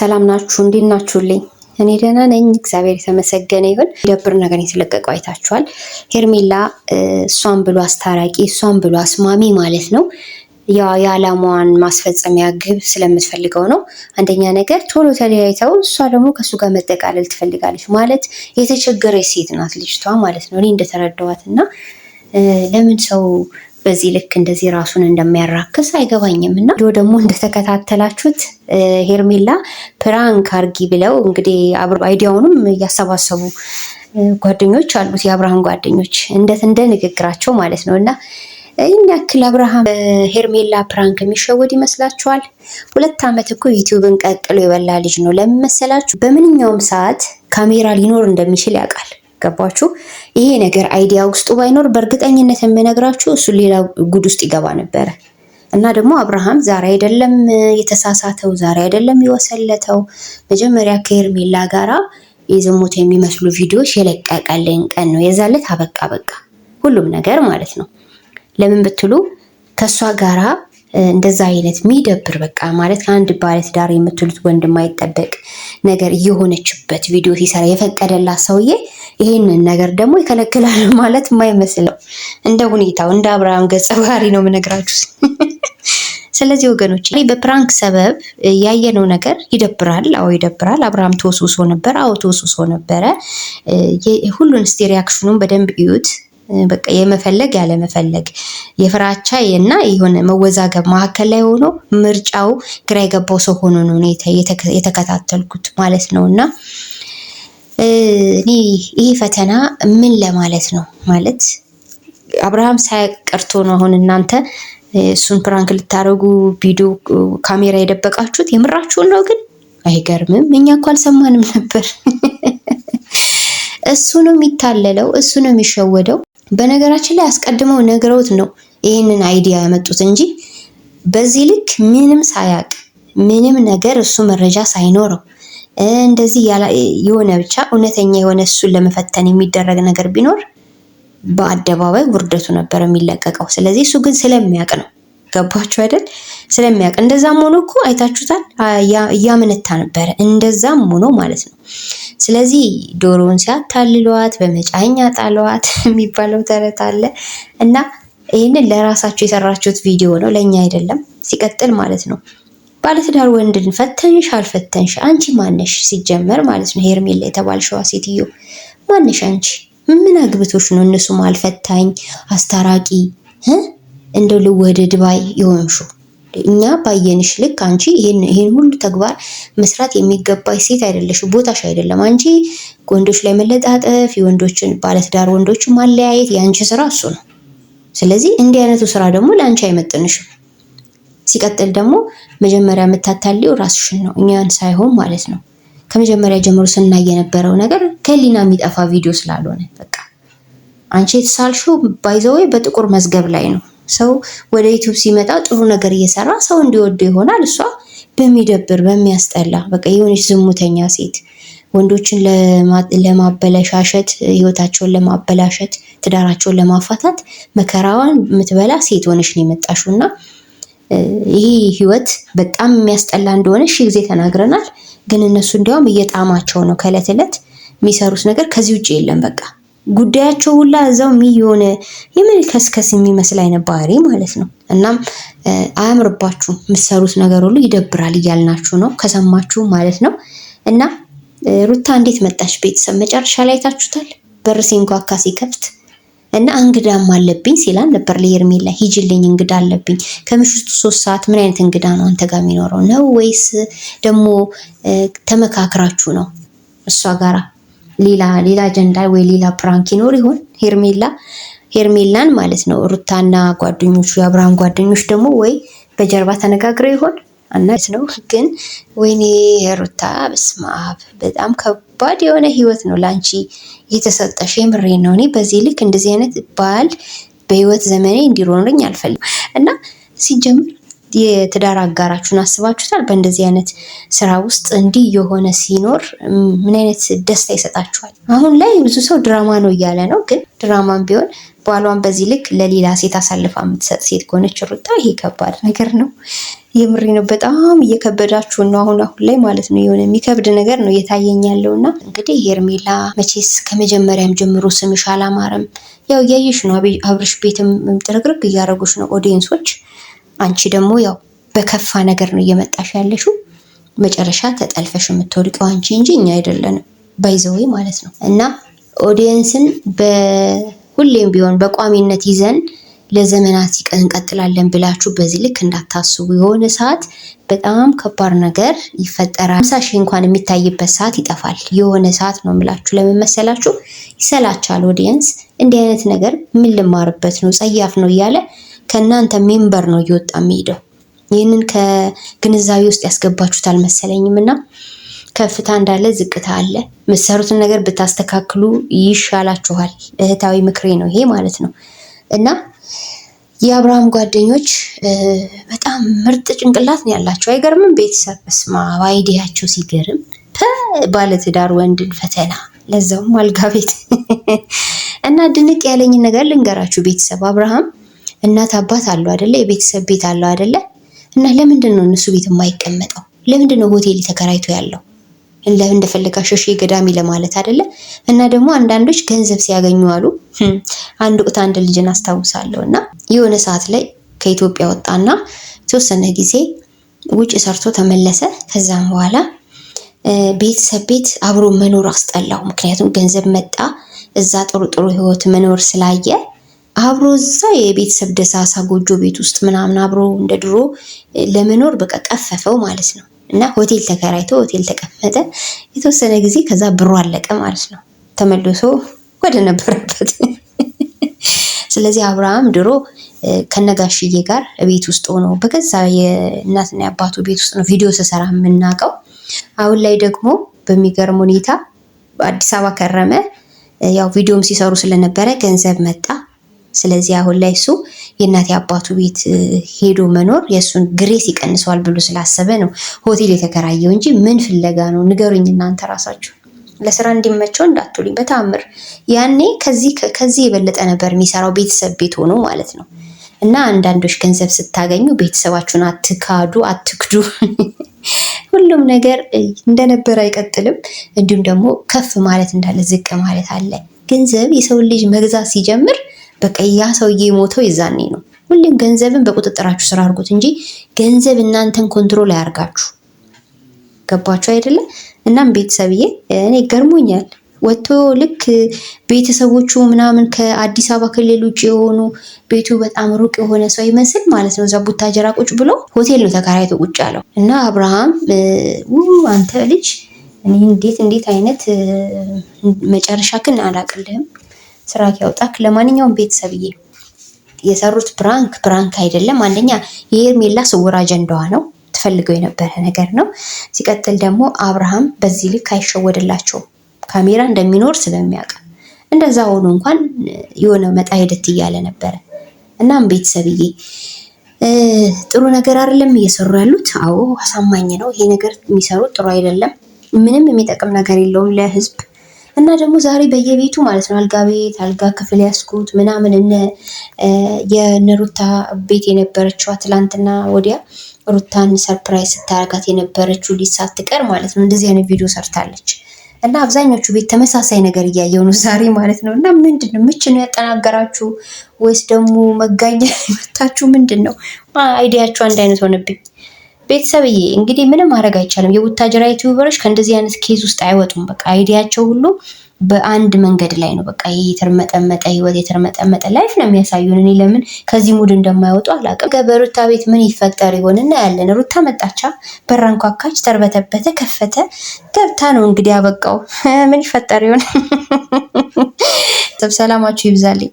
ሰላም ናችሁ? እንዴት ናችሁልኝ? እኔ ደህና ነኝ፣ እግዚአብሔር የተመሰገነ ይሁን። ደብር ነገር የተለቀቀው አይታችኋል። ሄርሜላ እሷን ብሎ አስታራቂ፣ እሷን ብሎ አስማሚ ማለት ነው። ያ የዓላማዋን ማስፈጸሚያ ግብ ስለምትፈልገው ነው። አንደኛ ነገር ቶሎ ተለያይተው እሷ ደግሞ ከእሱ ጋር መጠቃለል ትፈልጋለች። ማለት የተቸገረች ሴት ናት ልጅቷ ማለት ነው እኔ እንደተረዳኋት እና ለምን ሰው በዚህ ልክ እንደዚህ ራሱን እንደሚያራክስ አይገባኝም። እና ዶ ደግሞ እንደተከታተላችሁት ሄርሜላ ፕራንክ አርጊ ብለው እንግዲህ አይዲያውንም እያሰባሰቡ ጓደኞች አሉት የአብርሃም ጓደኞች እንደት እንደ ንግግራቸው ማለት ነው እና ይህን ያክል አብርሃም ሄርሜላ ፕራንክ የሚሸወድ ይመስላችኋል? ሁለት ዓመት እኮ ዩቲዩብን ቀቅሎ የበላ ልጅ ነው። ለምን መሰላችሁ? በምንኛውም ሰዓት ካሜራ ሊኖር እንደሚችል ያውቃል። ገባችሁ? ይሄ ነገር አይዲያ ውስጡ ባይኖር በእርግጠኝነት የምነግራችሁ እሱ ሌላ ጉድ ውስጥ ይገባ ነበረ። እና ደግሞ አብርሃም ዛሬ አይደለም የተሳሳተው፣ ዛሬ አይደለም የወሰለተው። መጀመሪያ ከሄርሜላ ጋራ የዝሙት የሚመስሉ ቪዲዮዎች የለቀቀልን ቀን ነው። የዛ ዕለት አበቃ በቃ ሁሉም ነገር ማለት ነው። ለምን ብትሉ ከእሷ ጋራ እንደዛ አይነት የሚደብር በቃ ማለት ከአንድ ባለትዳር የምትሉት ወንድ የማይጠበቅ ነገር እየሆነችበት ቪዲዮ ሲሰራ የፈቀደላት ሰውዬ ይህንን ነገር ደግሞ ይከለክላል ማለት የማይመስለው እንደ ሁኔታው እንደ አብርሃም ገጸ ባህሪ ነው የምነግራችሁ። ስለዚህ ወገኖች በፕራንክ ሰበብ ያየነው ነገር ይደብራል። አዎ ይደብራል። አብርሃም ተወስውሶ ነበር። አዎ ተወስውሶ ነበረ። ሁሉን እስቲ ሪያክሽኑን በደንብ እዩት። በቃ የመፈለግ ያለመፈለግ የፍራቻ እና የሆነ መወዛገብ መካከል ላይ ሆኖ ምርጫው ግራ የገባው ሰው ሆኖ ነው የተከታተልኩት ማለት ነው። እና እኔ ፈተና ምን ለማለት ነው ማለት አብርሃም ሳያቀርቶ ነው አሁን እናንተ እሱን ፕራንክ ልታደርጉ ቪዲዮ ካሜራ የደበቃችሁት የምራችሁን ነው ግን አይገርምም። እኛ እኮ አልሰማንም ነበር። እሱ ነው የሚታለለው፣ እሱ ነው የሚሸወደው። በነገራችን ላይ አስቀድመው ነግረውት ነው ይህንን አይዲያ ያመጡት እንጂ በዚህ ልክ ምንም ሳያቅ ምንም ነገር እሱ መረጃ ሳይኖረው እንደዚህ የሆነ ብቻ እውነተኛ የሆነ እሱን ለመፈተን የሚደረግ ነገር ቢኖር በአደባባይ ውርደቱ ነበር የሚለቀቀው። ስለዚህ እሱ ግን ስለሚያውቅ ነው ገባችሁ አይደል? ስለሚያውቅ እንደዛም ሆኖ እኮ አይታችሁታል፣ እያመነታ ነበረ። እንደዛም ሆኖ ማለት ነው። ስለዚህ ዶሮውን ሲያታልሏት በመጫኛ ጣሏት የሚባለው ተረት አለ እና ይህንን ለራሳችሁ የሰራችሁት ቪዲዮ ነው፣ ለእኛ አይደለም። ሲቀጥል ማለት ነው ባለትዳር ወንድን ፈተንሽ አልፈተንሽ አንቺ ማነሽ? ሲጀመር ማለት ነው ሄርሜላ የተባልሽዋ ሴትዮ ማነሽ አንቺ? ምን አግብቶች ነው እነሱ አልፈታኝ አስታራቂ እንደው ልወደድ ባይ ይሆንሹ እኛ ባየንሽ ልክ አንቺ ይሄን ሁሉ ተግባር መስራት የሚገባሽ ሴት አይደለሽ፣ ቦታሽ አይደለም። አንቺ ወንዶች ላይ መለጣጠፍ፣ የወንዶችን ባለትዳር ወንዶችን ማለያየት የአንቺ ስራ እሱ ነው። ስለዚህ እንዲህ አይነቱ ስራ ደግሞ ለአንቺ አይመጥንሽም። ሲቀጥል ደግሞ መጀመሪያ የምታታልው ራስሽን ነው እኛን ሳይሆን ማለት ነው። ከመጀመሪያ ጀምሮ ስናይ የነበረው ነገር ከሊና የሚጠፋ ቪዲዮ ስላልሆነ በቃ አንቺ የተሳልሽው ባይዘወይ በጥቁር መዝገብ ላይ ነው። ሰው ወደ ዩቱብ ሲመጣ ጥሩ ነገር እየሰራ ሰው እንዲወዱ ይሆናል። እሷ በሚደብር በሚያስጠላ በቃ የሆነች ዝሙተኛ ሴት ወንዶችን ለማበለሻሸት ህይወታቸውን ለማበላሸት ትዳራቸውን ለማፋታት መከራዋን የምትበላ ሴት ሆነሽ ነው የመጣሽው እና ይሄ ህይወት በጣም የሚያስጠላ እንደሆነ ሺ ጊዜ ተናግረናል። ግን እነሱ እንዲያውም እየጣማቸው ነው። ከእለት ዕለት የሚሰሩት ነገር ከዚህ ውጭ የለም በቃ ጉዳያቸው ሁላ እዛው ሚ የሆነ የመልከስከስ የሚመስል አይነት ባህሪ ማለት ነው። እናም አያምርባችሁ፣ የምትሰሩት ነገር ሁሉ ይደብራል እያልናችሁ ነው ከሰማችሁ ማለት ነው። እና ሩታ እንዴት መጣች? ቤተሰብ መጨረሻ ላይ ታችሁታል። በር ሲንኳካ ሲከፍት እና እንግዳም አለብኝ ሲላን ነበር ለሄርሜላ ሂጅልኝ፣ እንግዳ አለብኝ ከምሽቱ ሶስት ሰዓት። ምን አይነት እንግዳ ነው አንተ ጋር የሚኖረው ነው? ወይስ ደግሞ ተመካክራችሁ ነው እሷ ጋራ ሌላ ሌላ አጀንዳ ወይ ሌላ ፕራንክ ይኖር ይሆን? ሄርሜላ ሄርሜላን ማለት ነው ሩታና ጓደኞቹ የአብርሃም ጓደኞች ደግሞ ወይ በጀርባ ተነጋግረው ይሆን አናት ነው ግን፣ ወይኔ የሩታ በስመ አብ በጣም ከባድ የሆነ ህይወት ነው ለአንቺ የተሰጠሽ። የምሬ ነው። እኔ በዚህ ልክ እንደዚህ አይነት ባል በህይወት ዘመኔ እንዲኖረኝ አልፈልግም እና ሲጀምር የትዳር አጋራችሁን አስባችሁታል? በእንደዚህ አይነት ስራ ውስጥ እንዲህ የሆነ ሲኖር ምን አይነት ደስታ ይሰጣችኋል? አሁን ላይ ብዙ ሰው ድራማ ነው እያለ ነው። ግን ድራማም ቢሆን ባሏን በዚህ ልክ ለሌላ ሴት አሳልፋ የምትሰጥ ሴት ከሆነች ሩጣ፣ ይሄ ከባድ ነገር ነው። የምሬ ነው። በጣም እየከበዳችሁ ነው አሁን አሁን ላይ ማለት ነው። የሆነ የሚከብድ ነገር ነው እየታየኝ ያለው እና እንግዲህ ሄርሜላ መቼስ ከመጀመሪያም ጀምሮ ስምሽ አላማረም። ያው እያየሽ ነው። አብርሽ ቤትም ጥርቅርቅ እያደረጉሽ ነው ኦዲየንሶች አንቺ ደግሞ ያው በከፋ ነገር ነው እየመጣሽ ያለሽው። መጨረሻ ተጠልፈሽ የምትወድቀው አንቺ እንጂ እኛ አይደለንም። ባይዘወይ ማለት ነው እና ኦዲየንስን በሁሌም ቢሆን በቋሚነት ይዘን ለዘመናት እንቀጥላለን ብላችሁ በዚህ ልክ እንዳታስቡ። የሆነ ሰዓት በጣም ከባድ ነገር ይፈጠራል። ሃምሳ ሺህ እንኳን የሚታይበት ሰዓት ይጠፋል። የሆነ ሰዓት ነው የምላችሁ። ለምን መሰላችሁ? ይሰላቻል ኦዲየንስ። እንዲህ አይነት ነገር ምን ልማርበት ነው፣ ጸያፍ ነው እያለ ከእናንተ ሜምበር ነው እየወጣ የሚሄደው። ይህንን ከግንዛቤ ውስጥ ያስገባችሁት አልመሰለኝም። እና ከፍታ እንዳለ ዝቅታ አለ። የምትሰሩትን ነገር ብታስተካክሉ ይሻላችኋል። እህታዊ ምክሬ ነው ይሄ ማለት ነው እና የአብርሃም ጓደኞች በጣም ምርጥ ጭንቅላት ነው ያላቸው። አይገርምም? ቤተሰብ ስማ አይዲያቸው ሲገርም ባለትዳር ወንድን ፈተና ለዛውም አልጋ ቤት እና ድንቅ ያለኝን ነገር ልንገራችሁ ቤተሰብ አብርሃም እናት አባት አለው አይደለ? የቤተሰብ ቤት አለው አይደለ? እና ለምንድን ነው እነሱ ቤት የማይቀመጠው? ለምንድን ነው ሆቴል ተከራይቶ ያለው? እንደፈለጋ ሸሼ ገዳሚ ለማለት አይደለ? እና ደግሞ አንዳንዶች ገንዘብ ሲያገኙ አሉ። አንድ ወቅት አንድ ልጅን አስታውሳለሁ እና የሆነ ሰዓት ላይ ከኢትዮጵያ ወጣና የተወሰነ ጊዜ ውጭ ሰርቶ ተመለሰ። ከዛም በኋላ ቤተሰብ ቤት አብሮ መኖር አስጠላው። ምክንያቱም ገንዘብ መጣ፣ እዛ ጥሩ ጥሩ ህይወት መኖር ስላየ አብሮ እዛ የቤተሰብ ደሳሳ ጎጆ ቤት ውስጥ ምናምን አብሮ እንደ ድሮ ለመኖር በቃ ቀፈፈው ማለት ነው። እና ሆቴል ተከራይቶ ሆቴል ተቀመጠ የተወሰነ ጊዜ፣ ከዛ ብሩ አለቀ ማለት ነው። ተመልሶ ወደ ነበረበት። ስለዚህ አብርሃም ድሮ ከነጋሽዬ ጋር ቤት ውስጥ ሆኖ በገዛ የእናትና የአባቱ ቤት ውስጥ ነው ቪዲዮ ስሰራ የምናውቀው። አሁን ላይ ደግሞ በሚገርም ሁኔታ አዲስ አበባ ከረመ። ያው ቪዲዮም ሲሰሩ ስለነበረ ገንዘብ መጣ። ስለዚህ አሁን ላይ እሱ የእናት አባቱ ቤት ሄዶ መኖር የእሱን ግሬስ ይቀንሰዋል ብሎ ስላሰበ ነው ሆቴል የተከራየው እንጂ ምን ፍለጋ ነው? ንገሩኝ እናንተ ራሳችሁ። ለስራ እንዲመቸው እንዳትሉኝ በተአምር። ያኔ ከዚህ የበለጠ ነበር የሚሰራው ቤተሰብ ቤት ሆኖ ማለት ነው። እና አንዳንዶች ገንዘብ ስታገኙ ቤተሰባችሁን አትካዱ፣ አትክዱ። ሁሉም ነገር እንደነበረ አይቀጥልም። እንዲሁም ደግሞ ከፍ ማለት እንዳለ ዝቅ ማለት አለ። ገንዘብ የሰውን ልጅ መግዛት ሲጀምር በቃ ያ ሰውዬ የሞተው የዛኔ ነው። ሁሌም ገንዘብን በቁጥጥራችሁ ስራ አድርጎት እንጂ ገንዘብ እናንተን ኮንትሮል አያርጋችሁ። ገባችሁ አይደለ? እናም ቤተሰብዬ እኔ ገርሞኛል። ወጥቶ ልክ ቤተሰቦቹ ምናምን ከአዲስ አበባ ክልል ውጭ የሆኑ ቤቱ በጣም ሩቅ የሆነ ሰው ይመስል ማለት ነው። እዛ ቡታጀራ ቁጭ ብሎ ሆቴል ነው ተከራይቶ ቁጭ ያለው እና አብርሃም አንተ ልጅ እኔ እንዴት እንዴት አይነት መጨረሻ ግን አላቅልህም ስራክ ያውጣክ። ለማንኛውም ቤተሰብዬ የሰሩት ፕራንክ ፕራንክ አይደለም። አንደኛ የሄርሜላ ስውር አጀንዳዋ ነው፣ ትፈልገው የነበረ ነገር ነው። ሲቀጥል ደግሞ አብርሃም በዚህ ልክ አይሸወድላቸውም፣ ካሜራ እንደሚኖር ስለሚያውቅ እንደዛ ሆኖ እንኳን የሆነ መጣ ሄደት እያለ ነበረ። እናም ቤተሰብዬ ጥሩ ነገር አይደለም እየሰሩ ያሉት። አዎ አሳማኝ ነው ይሄ ነገር የሚሰሩት ጥሩ አይደለም። ምንም የሚጠቅም ነገር የለውም ለህዝብ እና ደግሞ ዛሬ በየቤቱ ማለት ነው አልጋ ቤት አልጋ ክፍል ያስኩት ምናምን እነ የነሩታ ቤት የነበረችው አትላንትና ወዲያ ሩታን ሰርፕራይዝ ስታረጋት የነበረችው ሊሳትቀር ማለት ነው እንደዚህ አይነት ቪዲዮ ሰርታለች። እና አብዛኞቹ ቤት ተመሳሳይ ነገር እያየው ነው ዛሬ ማለት ነው። እና ምንድን ነው ምች ነው ያጠናገራችሁ ወይስ ደግሞ መጋኛ መታችሁ? ምንድን ነው አይዲያችሁ አንድ አይነት ሆነብኝ። ቤተሰብዬ እንግዲህ ምንም ማድረግ አይቻልም። የቡታጀራ ዩቲዩበሮች ከእንደዚህ አይነት ኬዝ ውስጥ አይወጡም። በቃ አይዲያቸው ሁሉ በአንድ መንገድ ላይ ነው። በቃ የተርመጠመጠ ህይወት፣ የተርመጠመጠ ላይፍ ነው የሚያሳዩን። እኔ ለምን ከዚህ ሙድ እንደማይወጡ አላውቅም። በሩታ ቤት ምን ይፈጠር ይሆን እናያለን። ሩታ መጣቻ፣ በራን ኳካች፣ ተርበተበተ፣ ከፈተ፣ ገብታ ነው እንግዲህ ያበቃው። ምን ይፈጠር ይሆን? ሰላማችሁ ይብዛልኝ።